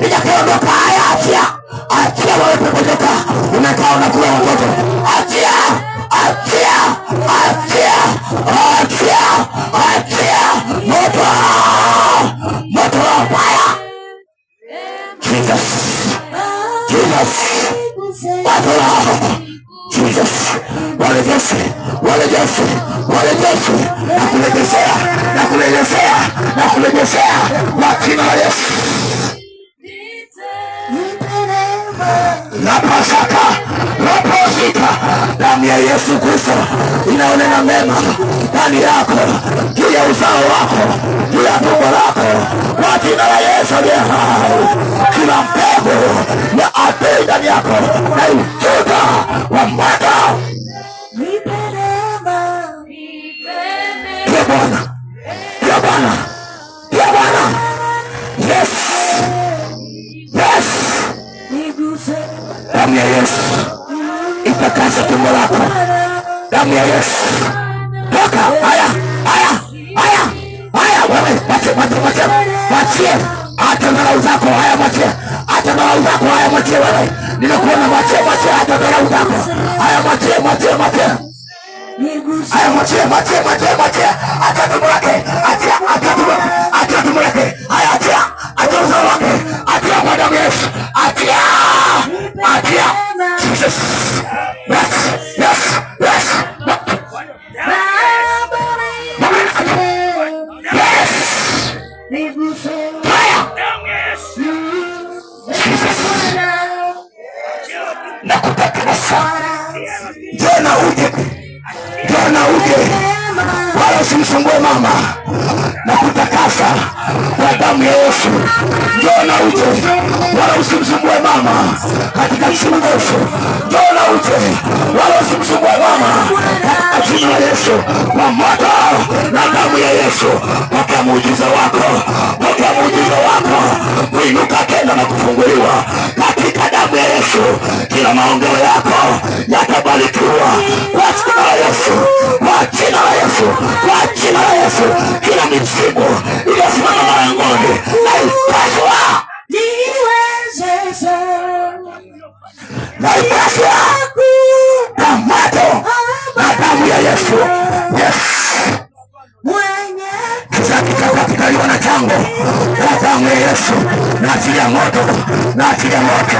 Bila kuondoka haya, achia, achia wewe kuondoka. Unakaa unakula watoto, achia, achia, achia, achia, achia. Moto, moto wa fire. Jesus, Jesus, watu wa Jesus, warejeshe, warejeshe, warejeshe, nakurejeshea, nakurejeshea, nakurejeshea kwa jina la Yesu. lapasaka laposika. Damu ya Yesu Kristo inaonena mema ndani yako, juu ya uzao wako, juu ya tumbo lako, kwa jina la Yesu aliye hai, kila mpeko Damu ya Yesu itakasa tumbo lako, damu ya Yesu toka. Haya, haya, haya, haya, wewe mwache, mwache, mwache, mwachie hata dharau zako. Haya, mwachie hata dharau zako. Haya, mwachie wewe, ninakuona, mwachie, mwachie hata dharau zako. Haya, mwachie, mwachie, mwachie, haya, mwachie, mwachie, mwachie, mwachie hata tumbo lake Yes. Yes. Yes. Yes. Yes. Yes. Jana uje, jana uje, wala usimsumbue mama, nakutaka sasa kwa damu ya Yesu njoo na uje, wala usimsumbue mama katika jina la Yesu. Njoo na uje, wala usimsumbue mama katika jina la Yesu. Kwa moto na damu ya Yesu, pokea muujiza wako, pokea muujiza wako, kuinuka tena na kufunguliwa katika damu ya Yesu. Kila maongeo yako yatabarikiwa. na upafu wako na moto na damu ya Yesu. Yes, kisa kitakuwa na chango na damu ya Yesu, na achilia moto, na achilia moto.